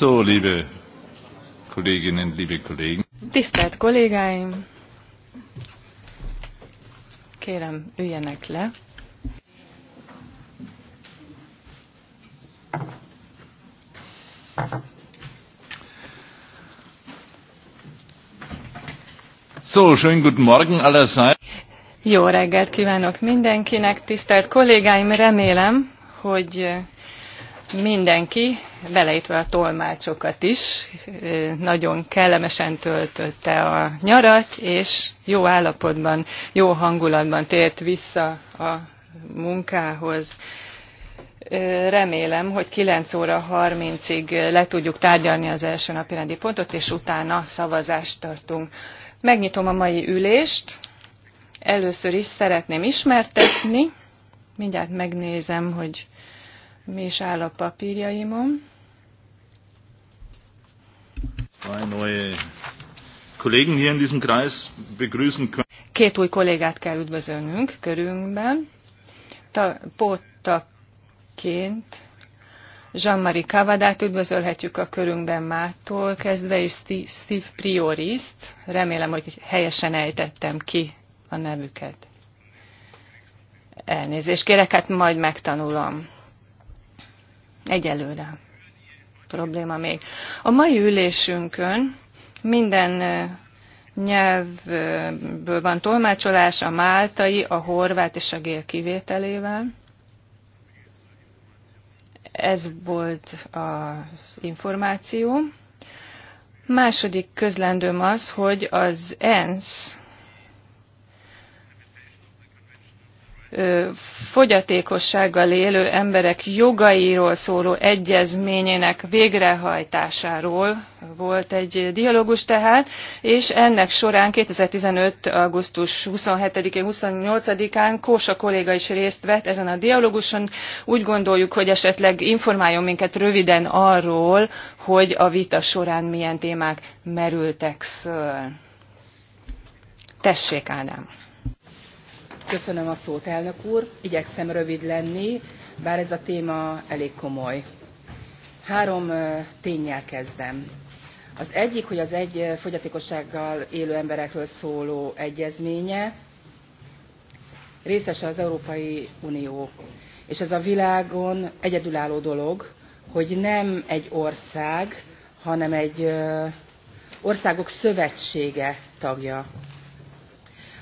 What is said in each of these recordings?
So, liebe Kolleginnen, liebe Kollegen. Tisztelt kollégáim! Kérem, üljenek le. So, schönen guten Morgen allerseits. Jó reggelt kívánok mindenkinek, tisztelt kollégáim, remélem, hogy mindenki beleértve a tolmácsokat is, nagyon kellemesen töltötte a nyarat, és jó állapotban, jó hangulatban tért vissza a munkához. Remélem, hogy 9 óra 30-ig le tudjuk tárgyalni az első napi rendi pontot, és utána szavazást tartunk. Megnyitom a mai ülést. Először is szeretném ismertetni. Mindjárt megnézem, hogy mi is áll a papírjaimon. Két új kollégát kell üdvözölnünk körünkben. Pótaként Jean-Marie Cavadát üdvözölhetjük a körünkben mától kezdve, és Steve Prioriszt. Remélem, hogy helyesen ejtettem ki a nevüket. Elnézést kérek, hát majd megtanulom. Egyelőre probléma még. A mai ülésünkön minden nyelvből van tolmácsolás, a máltai, a horvát és a gél kivételével. Ez volt az információ. Második közlendőm az, hogy az ENSZ fogyatékossággal élő emberek jogairól szóló egyezményének végrehajtásáról volt egy dialógus tehát, és ennek során 2015. augusztus 27-én, 28-án Kósa kolléga is részt vett ezen a dialóguson. Úgy gondoljuk, hogy esetleg informáljon minket röviden arról, hogy a vita során milyen témák merültek föl. Tessék, Ádám! Köszönöm a szót, elnök úr. Igyekszem rövid lenni, bár ez a téma elég komoly. Három tényel kezdem. Az egyik, hogy az egy fogyatékossággal élő emberekről szóló egyezménye részese az Európai Unió. És ez a világon egyedülálló dolog, hogy nem egy ország, hanem egy országok szövetsége tagja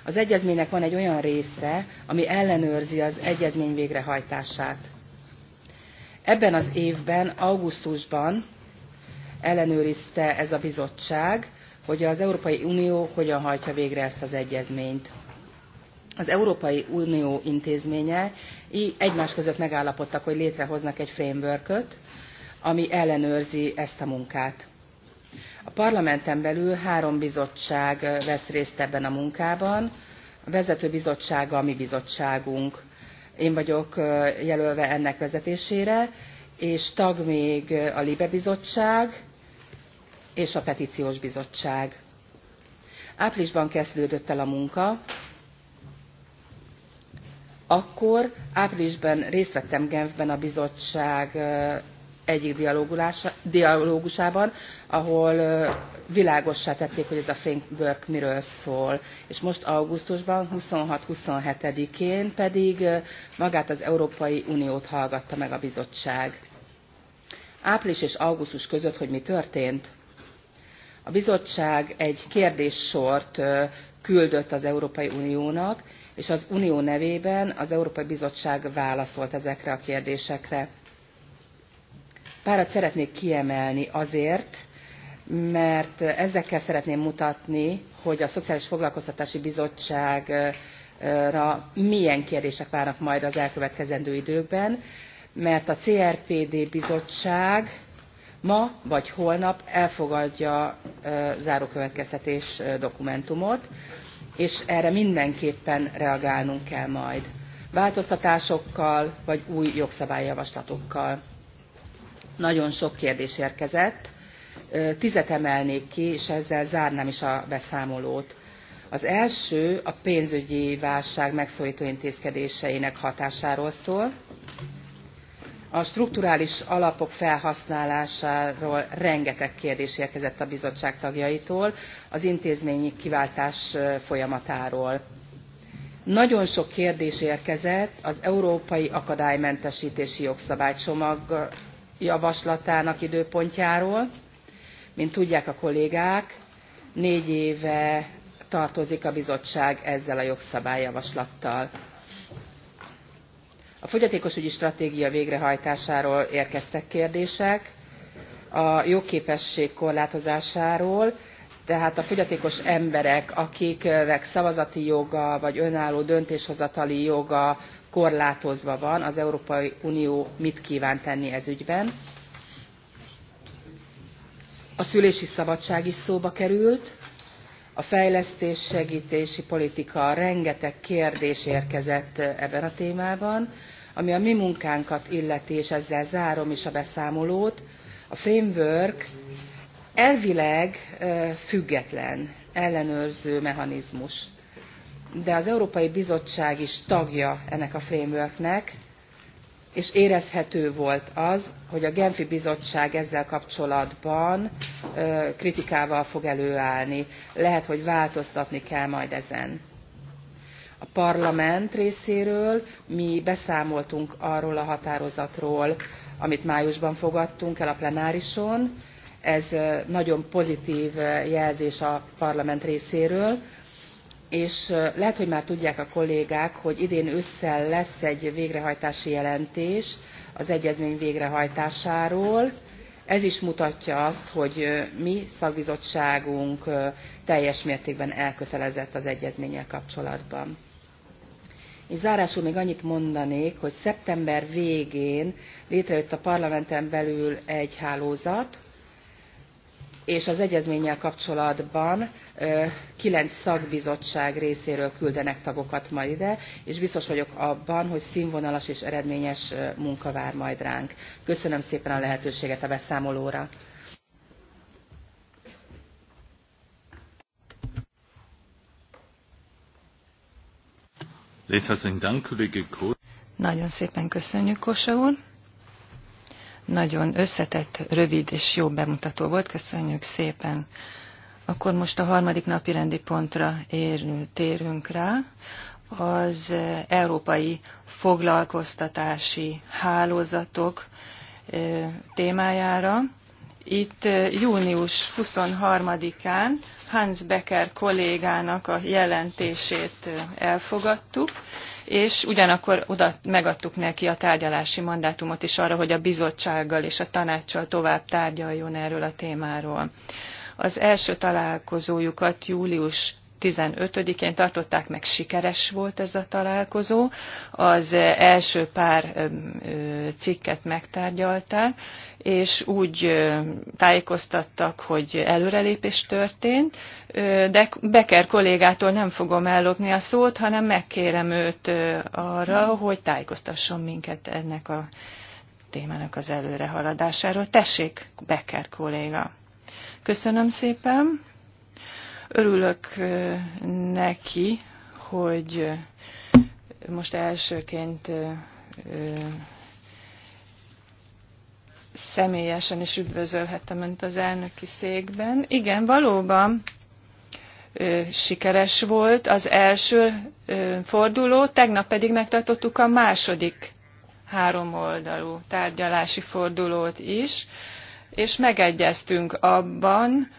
az egyezménynek van egy olyan része, ami ellenőrzi az egyezmény végrehajtását. Ebben az évben, augusztusban ellenőrizte ez a bizottság, hogy az Európai Unió hogyan hajtja végre ezt az egyezményt. Az Európai Unió intézménye egymás között megállapodtak, hogy létrehoznak egy frameworköt, ami ellenőrzi ezt a munkát. A parlamenten belül három bizottság eh, vesz részt ebben a munkában. A vezető bizottsága a mi bizottságunk. Én vagyok eh, jelölve ennek vezetésére, és tag még eh, a LIBE bizottság és a petíciós bizottság. Áprilisban kezdődött el a munka, akkor áprilisban részt vettem Genfben a bizottság egyik dialógusában, ahol világossá tették, hogy ez a framework miről szól. És most augusztusban, 26-27-én pedig magát az Európai Uniót hallgatta meg a bizottság. Április és augusztus között, hogy mi történt? A bizottság egy kérdéssort küldött az Európai Uniónak, és az Unió nevében az Európai Bizottság válaszolt ezekre a kérdésekre párat szeretnék kiemelni azért mert ezekkel szeretném mutatni hogy a szociális foglalkoztatási bizottságra milyen kérdések várnak majd az elkövetkezendő időkben mert a crpd bizottság ma vagy holnap elfogadja zárókövetkeztetés dokumentumot és erre mindenképpen reagálnunk kell majd változtatásokkal vagy új jogszabályjavaslatokkal nagyon sok kérdés érkezett. Tizet emelnék ki, és ezzel zárnám is a beszámolót. Az első a pénzügyi válság megszólító intézkedéseinek hatásáról szól. A strukturális alapok felhasználásáról rengeteg kérdés érkezett a bizottság tagjaitól, az intézményi kiváltás folyamatáról. Nagyon sok kérdés érkezett az európai akadálymentesítési jogszabálycsomag javaslatának időpontjáról. Mint tudják a kollégák, négy éve tartozik a bizottság ezzel a jogszabályjavaslattal. A fogyatékosügyi stratégia végrehajtásáról érkeztek kérdések, a jogképesség korlátozásáról, tehát a fogyatékos emberek, akiknek szavazati joga vagy önálló döntéshozatali joga korlátozva van, az Európai Unió mit kíván tenni ez ügyben. A szülési szabadság is szóba került, a fejlesztéssegítési politika rengeteg kérdés érkezett ebben a témában, ami a mi munkánkat illeti, és ezzel zárom is a beszámolót. A framework elvileg független ellenőrző mechanizmus de az európai bizottság is tagja ennek a frameworknek és érezhető volt az hogy a genfi bizottság ezzel kapcsolatban kritikával fog előállni lehet hogy változtatni kell majd ezen. a parlament részéről mi beszámoltunk arról a határozatról amit májusban fogadtunk el a plenárison ez nagyon pozitv jelzés a parlament részéről és lehet hogy már tudják a kollégák hogy idén ősszel lesz egy végrehajtási jelentés az egyezmény végrehajtásáról ez is mutatja azt hogy mi szakbizottságunk teljes mértékben elkötelezett az egyezménnyel kapcsolatban. és zárásul még annyit mondanék hogy szeptember végén létrejött a parlamenten belül egy hálózat és az egyezménnyel kapcsolatban kilenc szakbizottság részéről küldenek tagokat majd ide, és biztos vagyok abban, hogy színvonalas és eredményes munka vár majd ránk. Köszönöm szépen a lehetőséget a beszámolóra. Nagyon szépen köszönjük, Kosa úr. Nagyon összetett, rövid és jó bemutató volt. Köszönjük szépen. Akkor most a harmadik napi rendi pontra ér, térünk rá. Az eh, európai foglalkoztatási hálózatok eh, témájára. Itt eh, június 23-án Hans Becker kollégának a jelentését elfogadtuk, és ugyanakkor oda megadtuk neki a tárgyalási mandátumot is arra, hogy a bizottsággal és a tanácssal tovább tárgyaljon erről a témáról. Az első találkozójukat július 15-én tartották meg, sikeres volt ez a találkozó. Az első pár cikket megtárgyalták, és úgy tájékoztattak, hogy előrelépés történt, de Becker kollégától nem fogom ellopni a szót, hanem megkérem őt arra, hogy tájékoztasson minket ennek a témának az előrehaladásáról. Tessék, Becker kolléga! Köszönöm szépen! Örülök neki, hogy most elsőként személyesen is üdvözölhettem önt az elnöki székben. Igen, valóban sikeres volt az első forduló, tegnap pedig megtartottuk a második háromoldalú tárgyalási fordulót is, és megegyeztünk abban,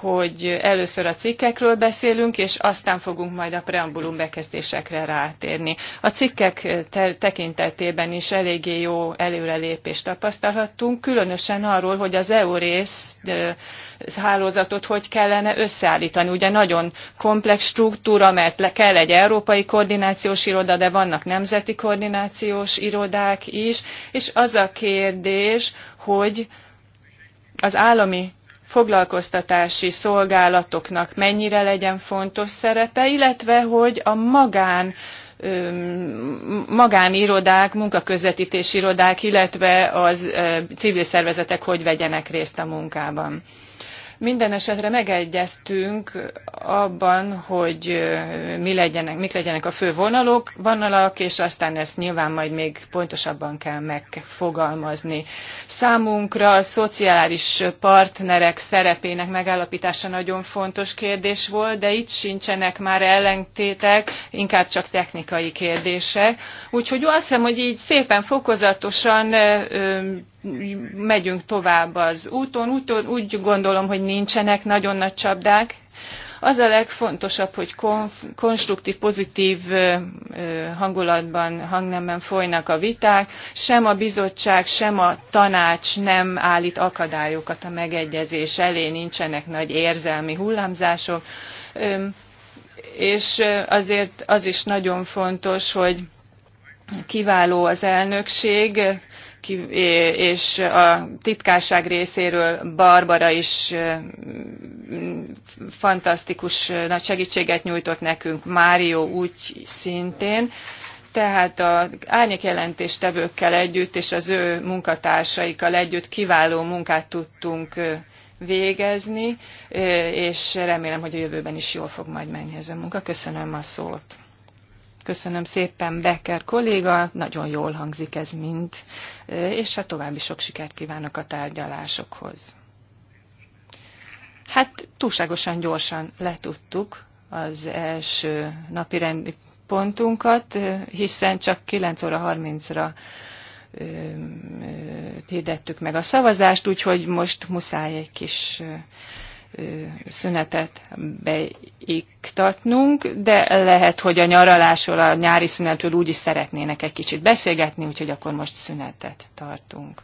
hogy először a cikkekről beszélünk, és aztán fogunk majd a preambulum bekezdésekre rátérni. A cikkek tekintetében is eléggé jó előrelépést tapasztalhattunk, különösen arról, hogy az EURész hálózatot hogy kellene összeállítani. Ugye nagyon komplex struktúra, mert le kell egy európai koordinációs iroda, de vannak nemzeti koordinációs irodák is, és az a kérdés, hogy az állami foglalkoztatási szolgálatoknak mennyire legyen fontos szerepe, illetve hogy a magán magánirodák, munkaközvetítési irodák, illetve az civil szervezetek hogy vegyenek részt a munkában. Minden esetre megegyeztünk abban, hogy mi legyenek, mik legyenek a fő vonalok, vonalak, és aztán ezt nyilván majd még pontosabban kell megfogalmazni. Számunkra a szociális partnerek szerepének megállapítása nagyon fontos kérdés volt, de itt sincsenek már ellentétek, inkább csak technikai kérdések. Úgyhogy azt hiszem, hogy így szépen fokozatosan megyünk tovább az úton. úton. Úgy gondolom, hogy nincsenek nagyon nagy csapdák. Az a legfontosabb, hogy konf, konstruktív, pozitív hangulatban, hangnemben folynak a viták. Sem a bizottság, sem a tanács nem állít akadályokat a megegyezés elé, nincsenek nagy érzelmi hullámzások. És azért az is nagyon fontos, hogy kiváló az elnökség, és a titkárság részéről Barbara is fantasztikus nagy segítséget nyújtott nekünk, Mário úgy szintén. Tehát a árnyék jelentéstevőkkel együtt és az ő munkatársaikkal együtt kiváló munkát tudtunk végezni, és remélem, hogy a jövőben is jól fog majd menni ez a munka. Köszönöm a szót. Köszönöm szépen, Becker kolléga, nagyon jól hangzik ez mind, és a hát további sok sikert kívánok a tárgyalásokhoz. Hát túlságosan gyorsan letudtuk az első napi rendi pontunkat, hiszen csak 9 óra 30-ra hirdettük meg a szavazást, úgyhogy most muszáj egy kis szünetet beiktatnunk, de lehet, hogy a nyaralásról, a nyári szünetről úgy is szeretnének egy kicsit beszélgetni, úgyhogy akkor most szünetet tartunk.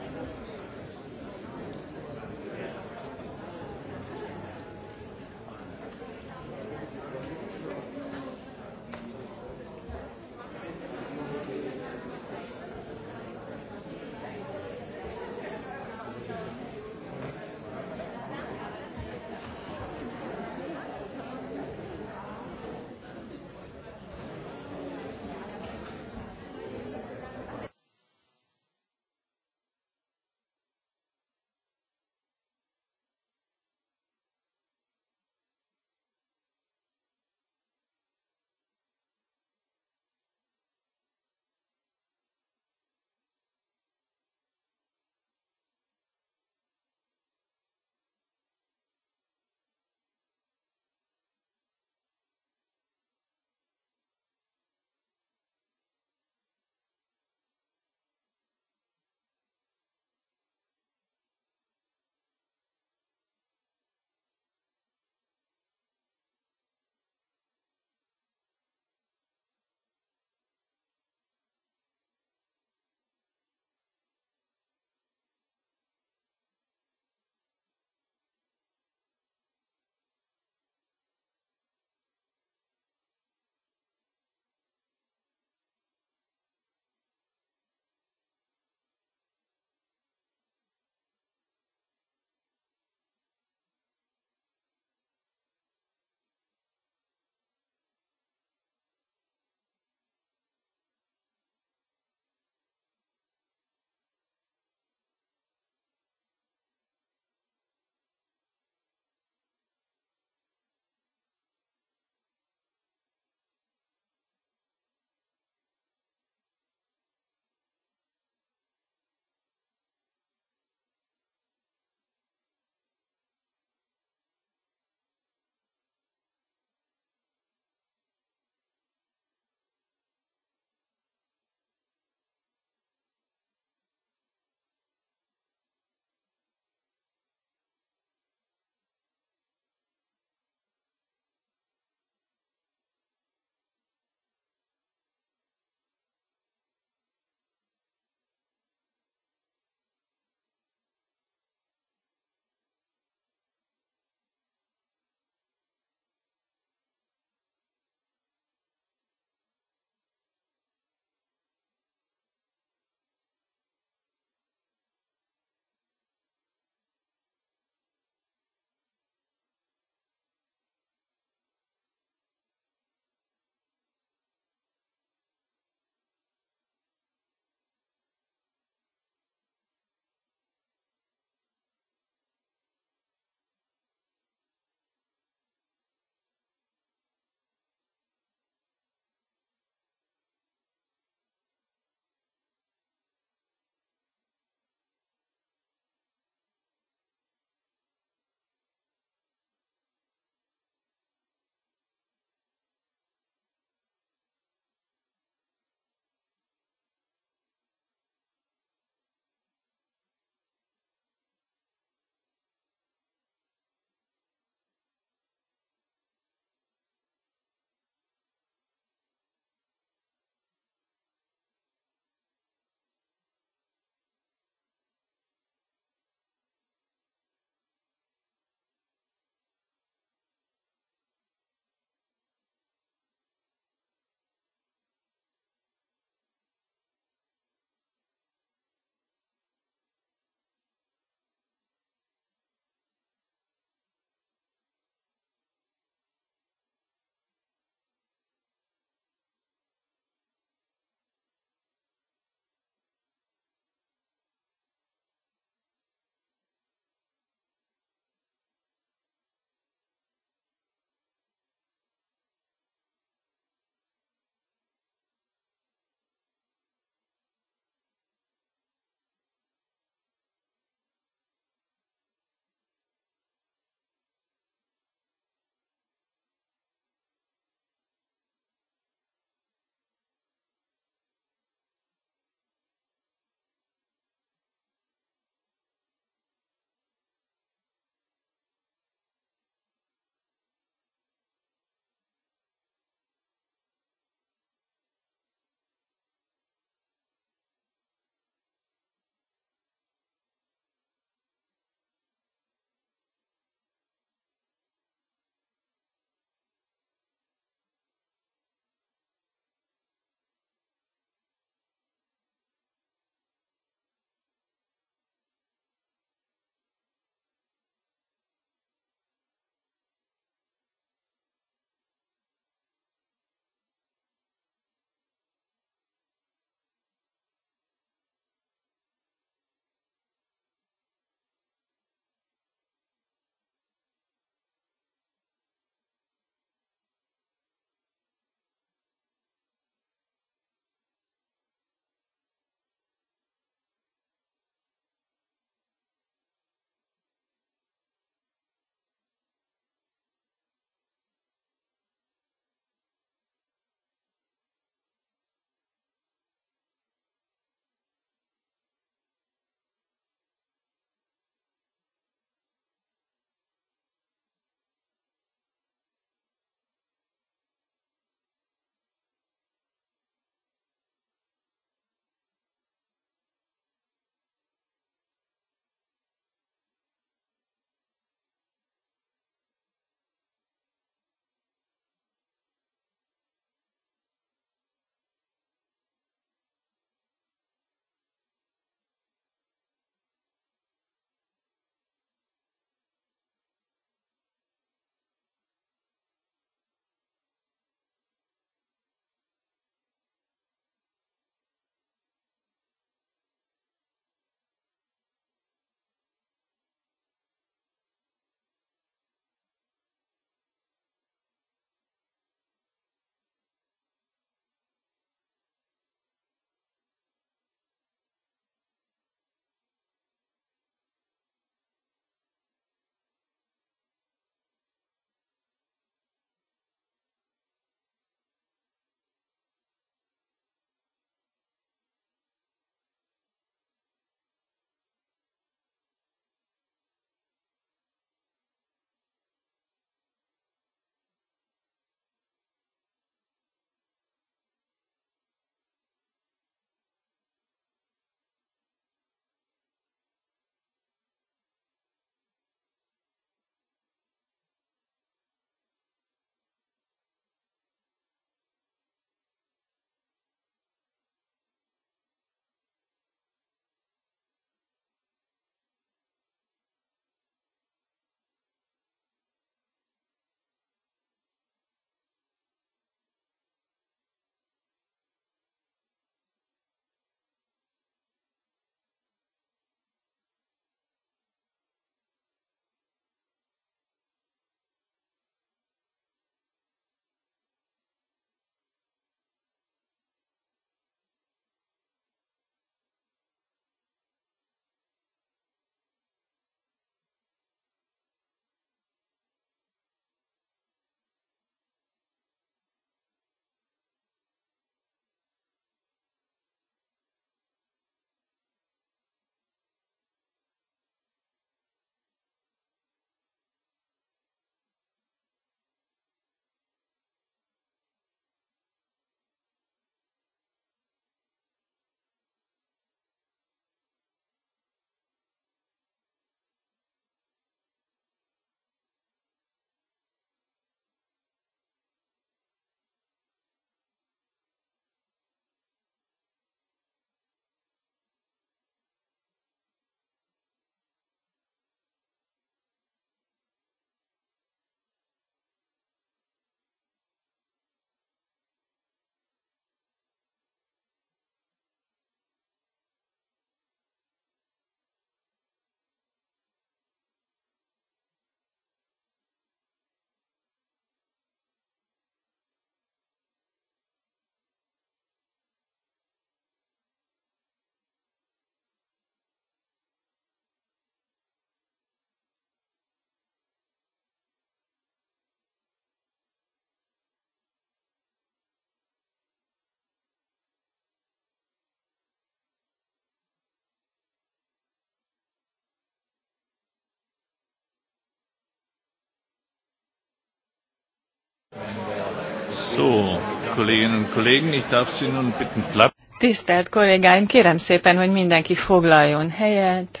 So, Kolleginnen und Kollegen, ich darf Sie nun bitten Platz. Tisztelt kollégáim, kérem szépen, hogy mindenki foglaljon helyet.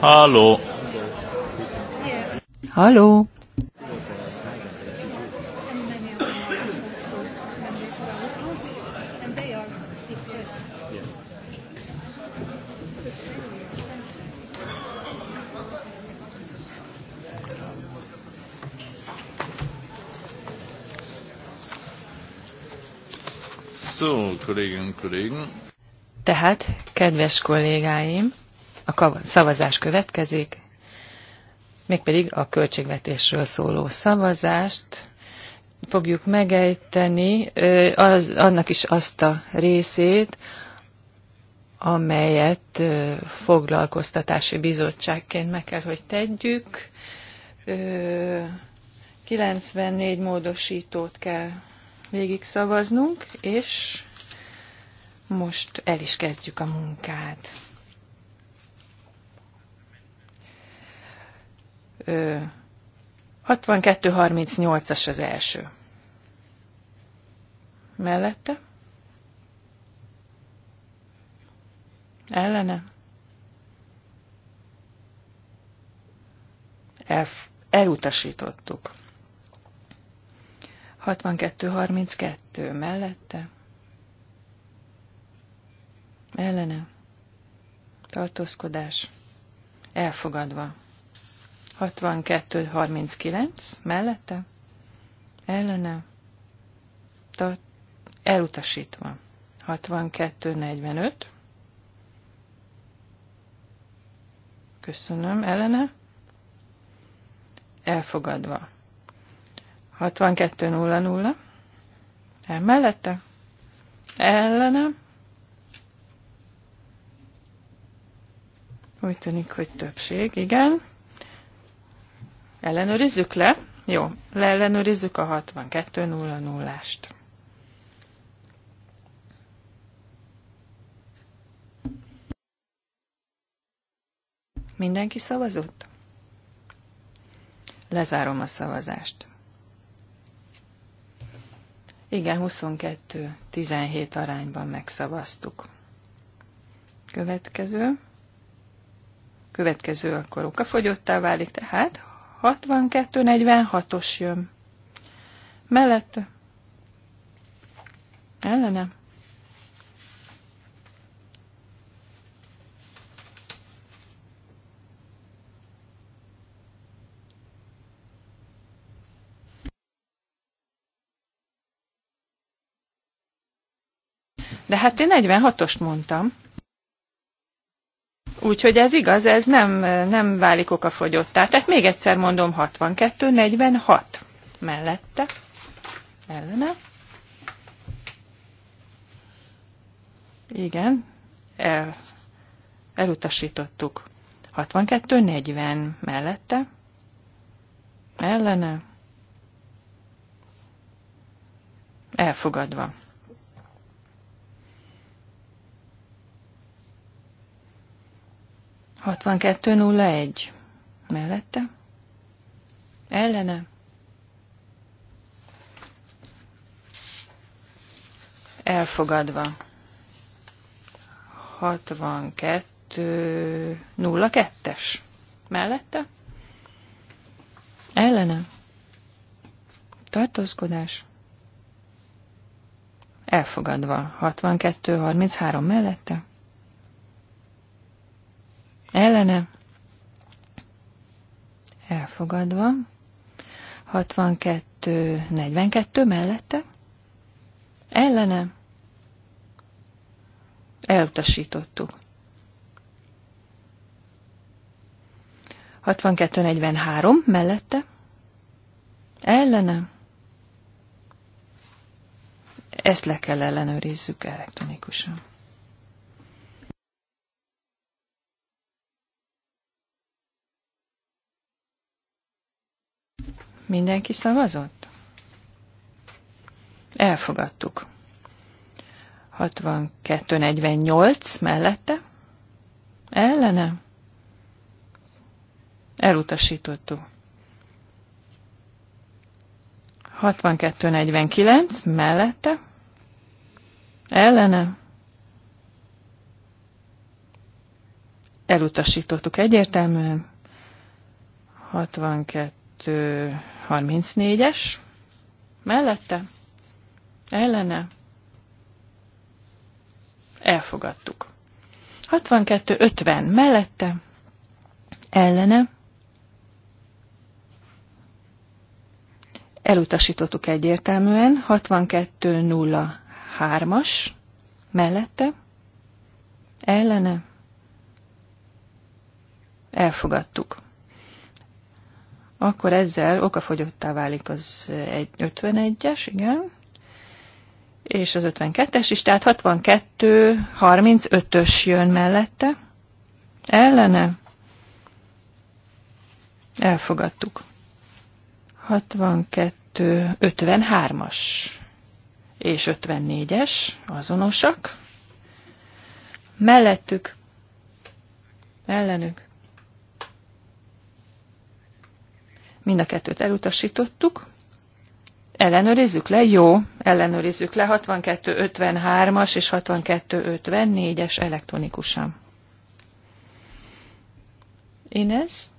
Halló. Halló. So, Kolleginnen Kollegen. Tehát, kedves kollégáim, a szavazás következik, mégpedig a költségvetésről szóló szavazást fogjuk megejteni, az, annak is azt a részét, amelyet foglalkoztatási bizottságként meg kell, hogy tegyük. 94 módosítót kell végig szavaznunk, és most el is kezdjük a munkát. Ö, 6238 as az első. Mellette? Ellene? El, elutasítottuk. 6232 mellette, ellene, tartózkodás, elfogadva. 6239 mellette, ellene, tart, elutasítva. 6245. köszönöm, ellene, elfogadva. 62.00. E, mellette? Ellene? Úgy tűnik, hogy többség, igen. Ellenőrizzük le. Jó, leellenőrizzük a 62.00-ást. Mindenki szavazott? Lezárom a szavazást. Igen, 22-17 arányban megszavaztuk. Következő. Következő akkor okafogyottá válik, tehát 62-46-os jön. Mellett. Ellenem. De hát én 46-ost mondtam. Úgyhogy ez igaz, ez nem, nem válik okafogyottá. Tehát még egyszer mondom, 62, 46 mellette, ellene. Igen, el, elutasítottuk. 62, 40 mellette, ellene, elfogadva. 6201 mellette, ellene, elfogadva. 62 es mellette, ellene, tartózkodás, elfogadva. 62 mellette, ellene elfogadva, 62, 42 mellette, ellene elutasítottuk. 62-43 mellette, ellene, ezt le kell ellenőrizzük elektronikusan. 62-43. Mindenki szavazott? Elfogadtuk. 62-48 mellette? Ellene? Elutasítottuk. 62, 62-49 mellette? Ellene? Elutasítottuk egyértelműen. 62 34-es, mellette, ellene, elfogadtuk. 62-50 mellette, ellene, elutasítottuk egyértelműen, 62-03-as, mellette, ellene, elfogadtuk akkor ezzel okafogyottá válik az 51-es, igen, és az 52-es is, tehát 62, 35-ös jön mellette, ellene, elfogadtuk. 62, 53-as és 54-es azonosak, mellettük, ellenük, Mind a kettőt elutasítottuk. Ellenőrizzük le? Jó, ellenőrizzük le. 6253-as és 6254-es elektronikusan. Inez?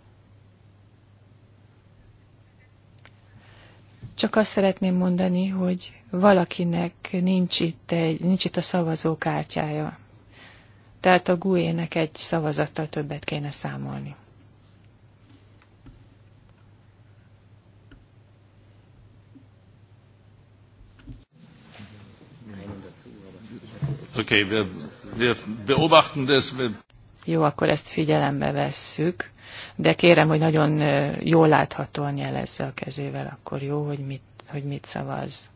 Csak azt szeretném mondani, hogy valakinek nincs itt, egy, nincs itt a szavazókártyája. Tehát a GUE-nek egy szavazattal többet kéne számolni. Okay, wir, wir beobachten das. Jó, akkor ezt figyelembe vesszük, de kérem, hogy nagyon jól láthatóan jelezze a kezével, akkor jó, hogy mit, hogy mit szavaz.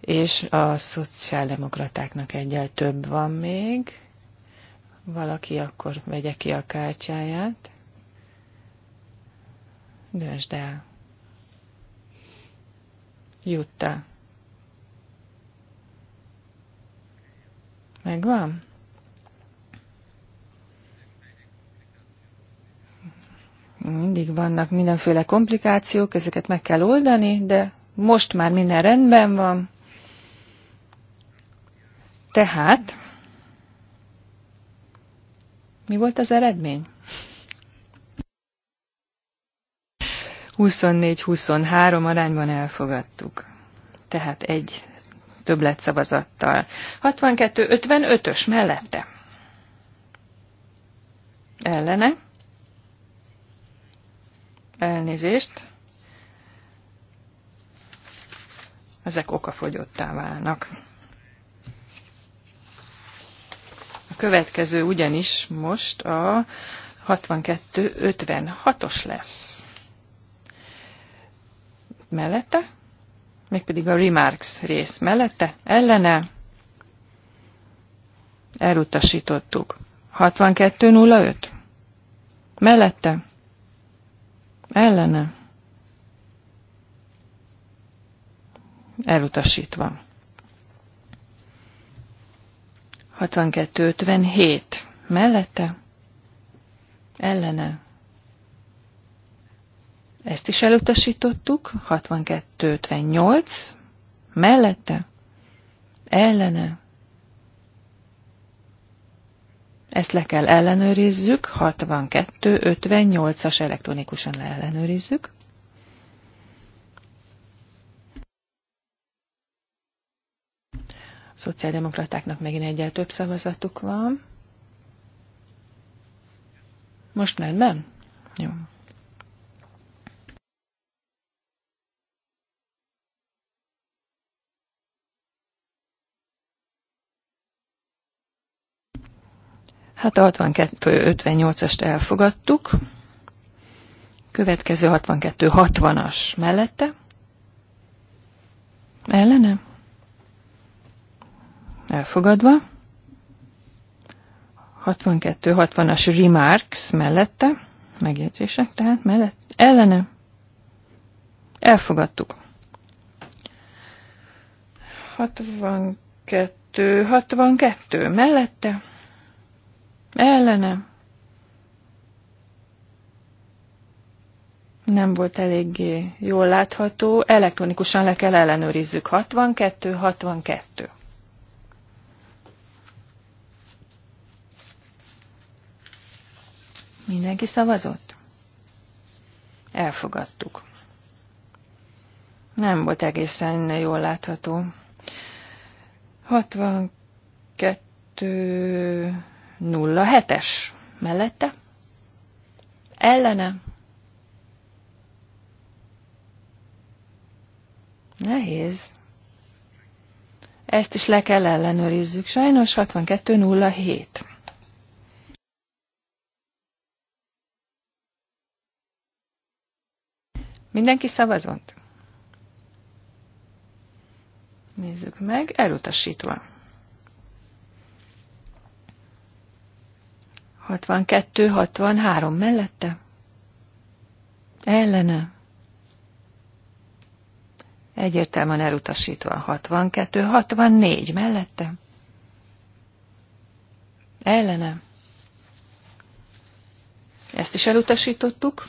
És a szociáldemokratáknak egyel több van még. Valaki akkor vegye ki a kártyáját. Dönsd el. Jutta. Megvan? Mindig vannak mindenféle komplikációk, ezeket meg kell oldani, de most már minden rendben van. Tehát, mi volt az eredmény? 24-23 arányban elfogadtuk. Tehát egy többlet szavazattal. 62-55-ös mellette. Ellene. Elnézést. Ezek okafogyottá válnak. A következő ugyanis most a 62-56-os lesz. Mellette? mégpedig a remarks rész mellette, ellene, elutasítottuk. 6205? Mellette? Ellene? Elutasítva. 6257. Mellette? Ellene? Ezt is elutasítottuk. 62-58. Mellette. Ellene. Ezt le kell ellenőrizzük. 62-58-as elektronikusan leellenőrizzük. A szociáldemokratáknak megint egyel több szavazatuk van. Most nem, nem? Jó. Hát a 62-58-ast elfogadtuk. Következő 62-60-as mellette. Ellene? Elfogadva. 62-60-as remarks mellette. Megjegyzések tehát mellett. Ellene? Elfogadtuk. 62-62 mellette ellene. Nem volt eléggé jól látható. Elektronikusan le kell ellenőrizzük. 62, 62. Mindenki szavazott? Elfogadtuk. Nem volt egészen jól látható. 62 07-es mellette, ellene, nehéz, ezt is le kell ellenőrizzük, sajnos 6207. Mindenki szavazott? Nézzük meg, elutasítva. 62-63 mellette. Ellene. Egyértelműen elutasítva 62-64 mellette. Ellene. Ezt is elutasítottuk.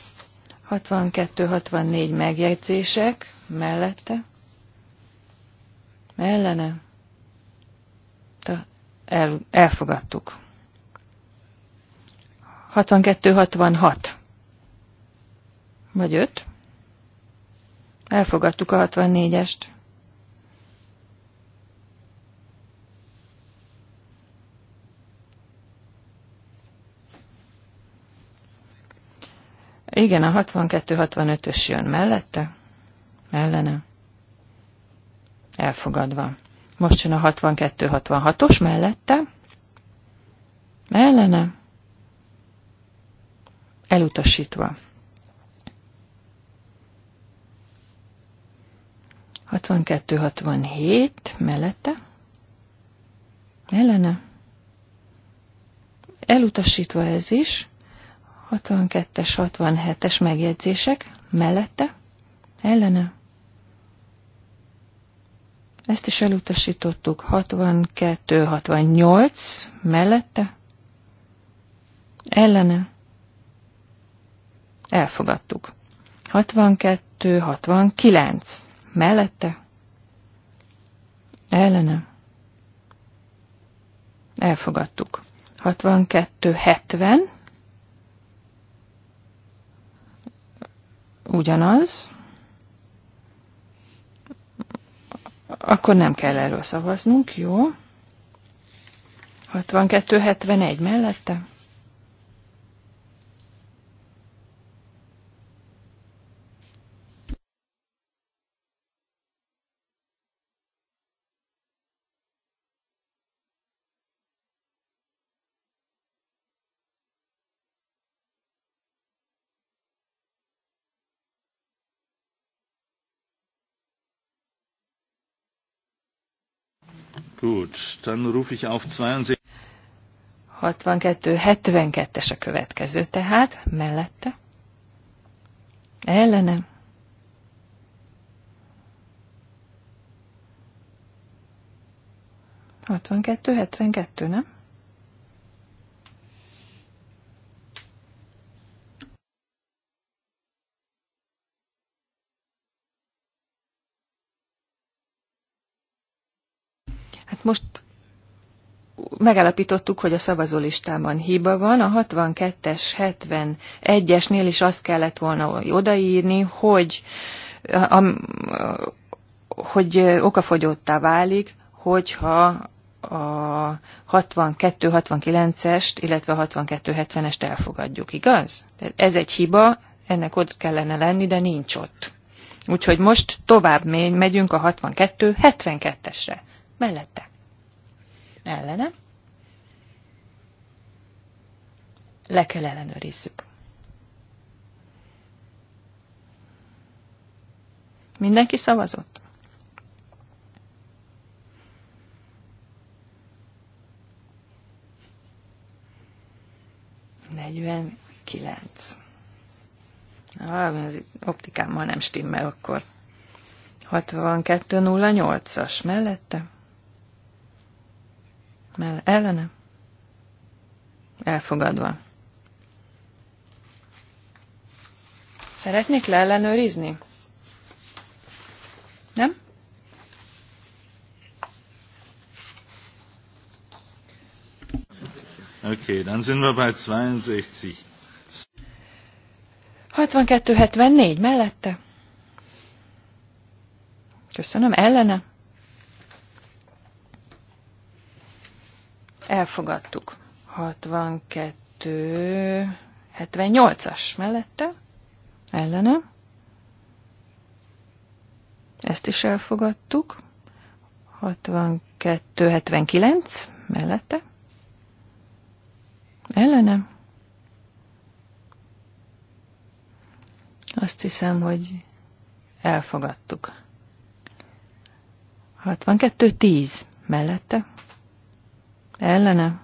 62-64 megjegyzések mellette. Ellene. El, elfogadtuk. 62-66. Vagy 5. Elfogadtuk a 64-est. Igen, a 62-65-ös jön mellette, ellene, elfogadva. Most jön a 62-66-os mellette, ellene, elutasítva. 62-67 mellette, ellene, elutasítva ez is, 62-es, 67-es megjegyzések mellette, ellene, ezt is elutasítottuk, 62-68 mellette, ellene, Elfogadtuk. 62-69. Mellette? Ellene? Elfogadtuk. 62-70. Ugyanaz. Akkor nem kell erről szavaznunk, jó? 62-71 mellette? Gut, dann rufe ich auf 62. 62, 72-es a következő, tehát mellette. Ellenem. Hatvankettő, hetvenkettő, nem? Hát most megállapítottuk, hogy a szavazólistában hiba van. A 62-es, 71-esnél is azt kellett volna odaírni, hogy, a, a, hogy okafogyottá válik, hogyha a 62-69-est, illetve a 62-70-est elfogadjuk, igaz? Ez egy hiba, ennek ott kellene lenni, de nincs ott. Úgyhogy most tovább megyünk a 62-72-esre. Mellette ellene. Le kell ellenőrizzük. Mindenki szavazott? Negyven kilenc. Valami az optikámmal nem stimmel akkor. 62.08-as mellette mell ellene elfogadva. Szeretnék leellenőrizni? Nem? Okay, dann sind wir bei 62. 62-74 mellette. Köszönöm, ellene. 62-74. elfogadtuk. 62, 78-as mellette, ellene. Ezt is elfogadtuk. 62, 79 mellette, ellene. Azt hiszem, hogy elfogadtuk. 62-10 mellette, ellene,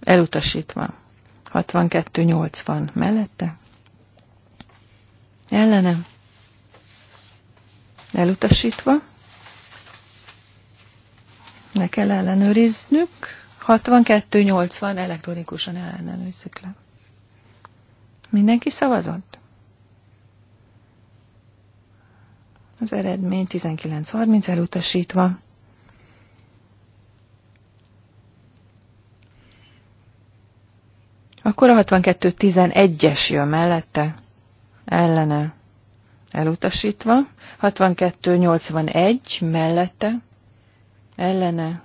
elutasítva. 62-80 mellette, ellene, elutasítva. Ne kell ellenőriznünk. 62-80 elektronikusan ellenőrizzük le. Mindenki szavazott? Az eredmény 19.30 elutasítva. Akkor a 62.11-es jön mellette, ellene elutasítva, 62.81 mellette, ellene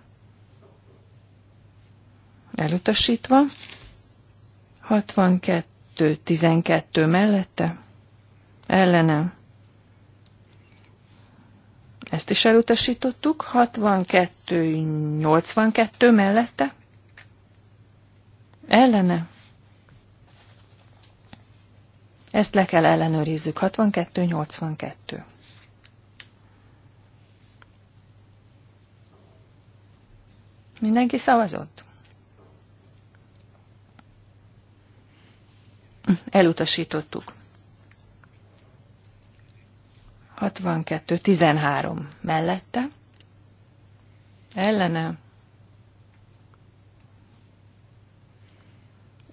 elutasítva, 62.12 mellette, ellene ezt is elutasítottuk, 62.82 mellette, ellene ezt le kell ellenőrizzük. 62-82. Mindenki szavazott? Elutasítottuk. 62-13 mellette. Ellene.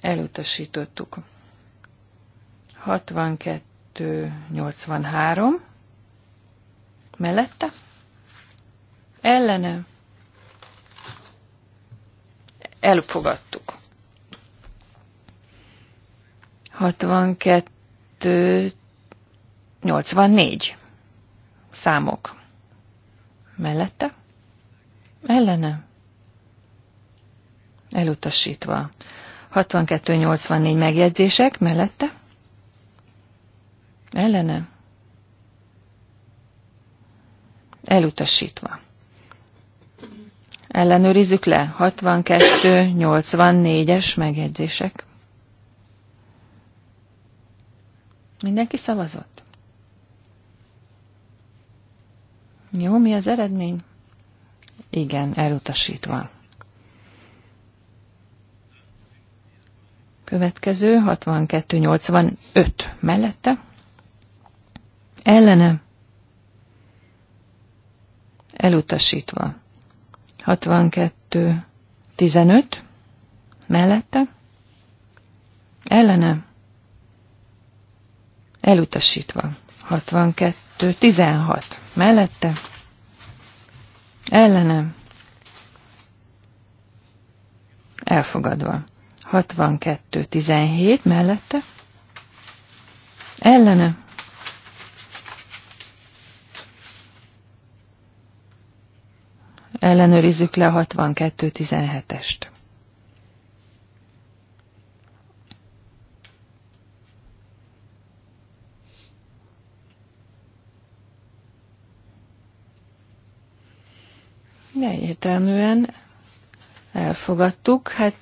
Elutasítottuk. 62-83 mellette, ellene elfogadtuk. 62-84 számok mellette, ellene elutasítva. 62-84 megjegyzések mellette, ellene, elutasítva. Ellenőrizzük le 62-84-es megjegyzések. Mindenki szavazott? Jó, mi az eredmény? Igen, elutasítva. Következő 62-85 mellette ellene elutasítva. 62, 15 mellette ellene elutasítva. 62, 16 mellette ellene elfogadva. 62, 17 mellette ellene ellenőrizzük le a 6217 est Egyértelműen elfogadtuk. Hát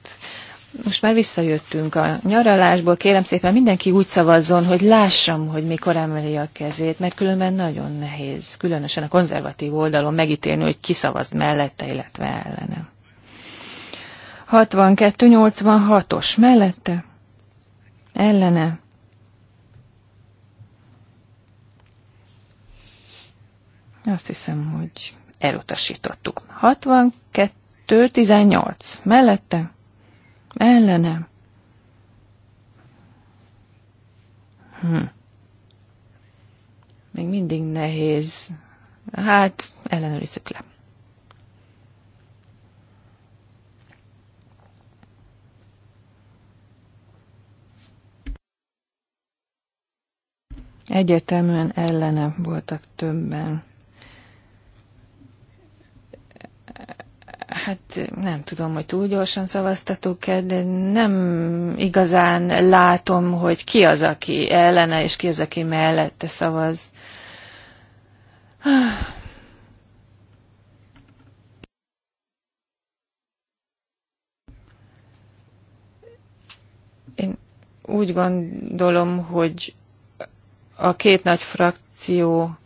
most már visszajöttünk a nyaralásból, kérem szépen mindenki úgy szavazzon, hogy lássam, hogy mikor emeli a kezét, mert különben nagyon nehéz, különösen a konzervatív oldalon megítélni, hogy szavaz mellette, illetve ellene. 62-86-os mellette, ellene. Azt hiszem, hogy elutasítottuk. 62-18 mellette ellene. Hm. Még mindig nehéz. Hát, ellenőrizzük le. Egyértelműen ellene voltak többen. Hát nem tudom, hogy túl gyorsan szavaztatok-e, de nem igazán látom, hogy ki az, aki ellene, és ki az, aki mellette szavaz. Én úgy gondolom, hogy a két nagy frakció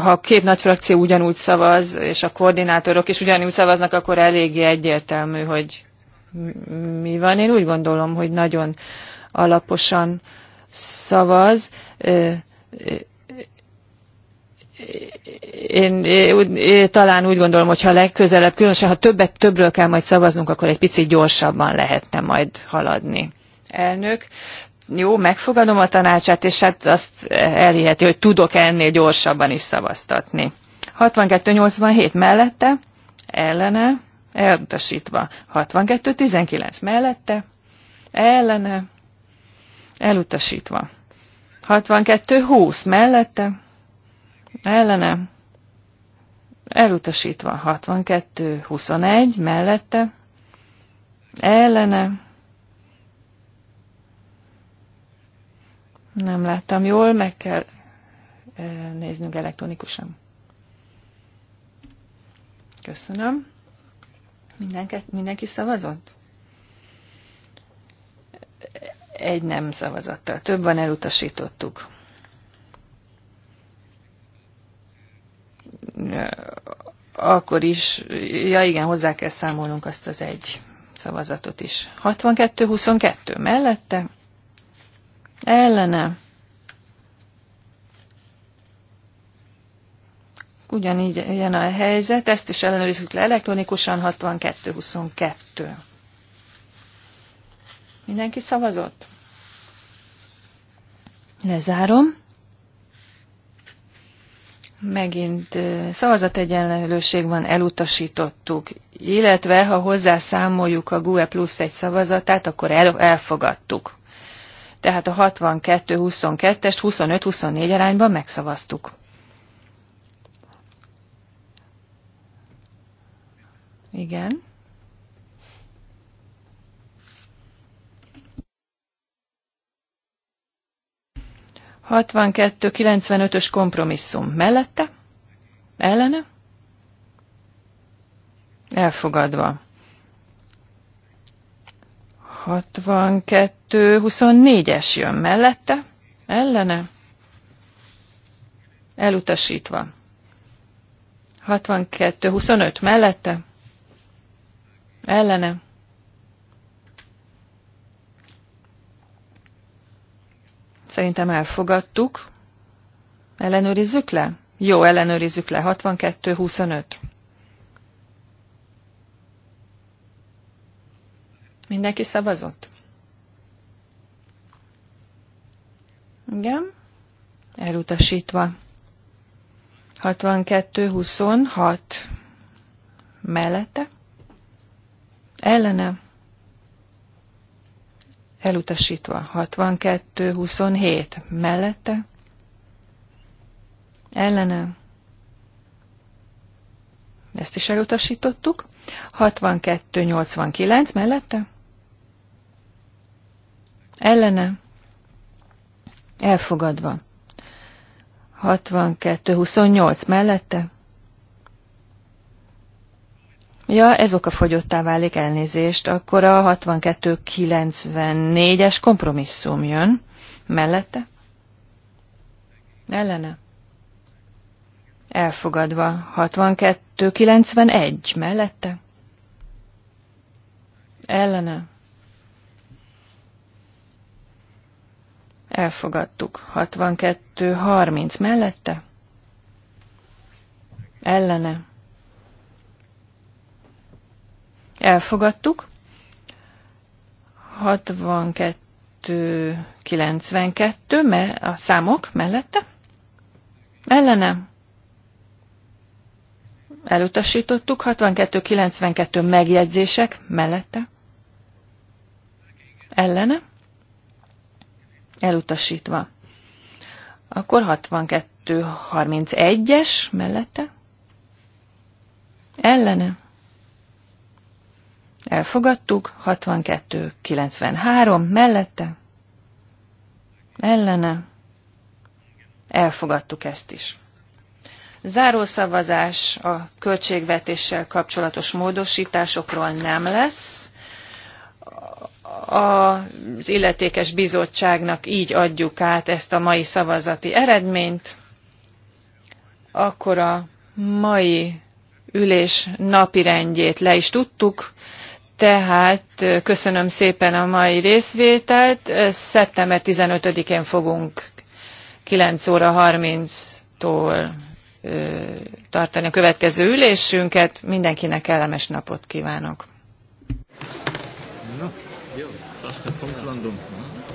ha két nagy frakció ugyanúgy szavaz, és a koordinátorok is ugyanúgy szavaznak, akkor eléggé egyértelmű, hogy mi van. Én úgy gondolom, hogy nagyon alaposan szavaz. Én, én, én talán úgy gondolom, hogy ha legközelebb, különösen ha többet többről kell majd szavaznunk, akkor egy picit gyorsabban lehetne majd haladni. Elnök, jó, megfogadom a tanácsát, és hát azt elhiheti, hogy tudok ennél gyorsabban is szavaztatni. 62-87 mellette, ellene, elutasítva. 62-19 mellette, ellene, elutasítva. 62-20 mellette, ellene, elutasítva. 62-21 mellette, ellene, Nem láttam jól, meg kell eh, néznünk elektronikusan. Köszönöm. Mindenket, mindenki szavazott? Egy nem szavazattal. Több van, elutasítottuk. Akkor is, ja igen, hozzá kell számolnunk azt az egy szavazatot is. 62-22 mellette, ellene. Ugyanígy ilyen a helyzet, ezt is ellenőrizzük le elektronikusan, 62-22. Mindenki szavazott? Lezárom. Megint szavazategyenlőség van, elutasítottuk. Illetve, ha hozzászámoljuk a GUE plusz egy szavazatát, akkor el, elfogadtuk tehát a 62-22-est 25-24 arányban megszavaztuk. Igen. ös kompromisszum mellette, ellene, elfogadva. 62, 24-es jön mellette, ellene, elutasítva. 62, 25 mellette, ellene, Szerintem elfogadtuk. Ellenőrizzük le? Jó, ellenőrizzük le. 62-25. Mindenki szavazott? Igen. Elutasítva. 62-26 mellette. Ellene. Elutasítva. 62-27 mellette. Ellene. Ezt is elutasítottuk. 62-89 mellette ellene, elfogadva. 62-28 mellette. Ja, ez oka fogyottá válik elnézést, akkor a 62-94-es kompromisszum jön. Mellette? Ellene? Elfogadva. 62-91 mellette? Ellene? 62-94. Elfogadtuk. 62-30 mellette? Ellene. Elfogadtuk. 62-92, mert a számok mellette? Ellene. Elutasítottuk. 62-92 megjegyzések mellette? Ellene elutasítva. Akkor 62-31-es mellette, ellene, elfogadtuk, 62-93 mellette, ellene, elfogadtuk ezt is. Zárószavazás a költségvetéssel kapcsolatos módosításokról nem lesz az illetékes bizottságnak így adjuk át ezt a mai szavazati eredményt, akkor a mai ülés napirendjét le is tudtuk, tehát köszönöm szépen a mai részvételt. Szeptember 15-én fogunk 9 óra 30-tól tartani a következő ülésünket. Mindenkinek kellemes napot kívánok! Landung.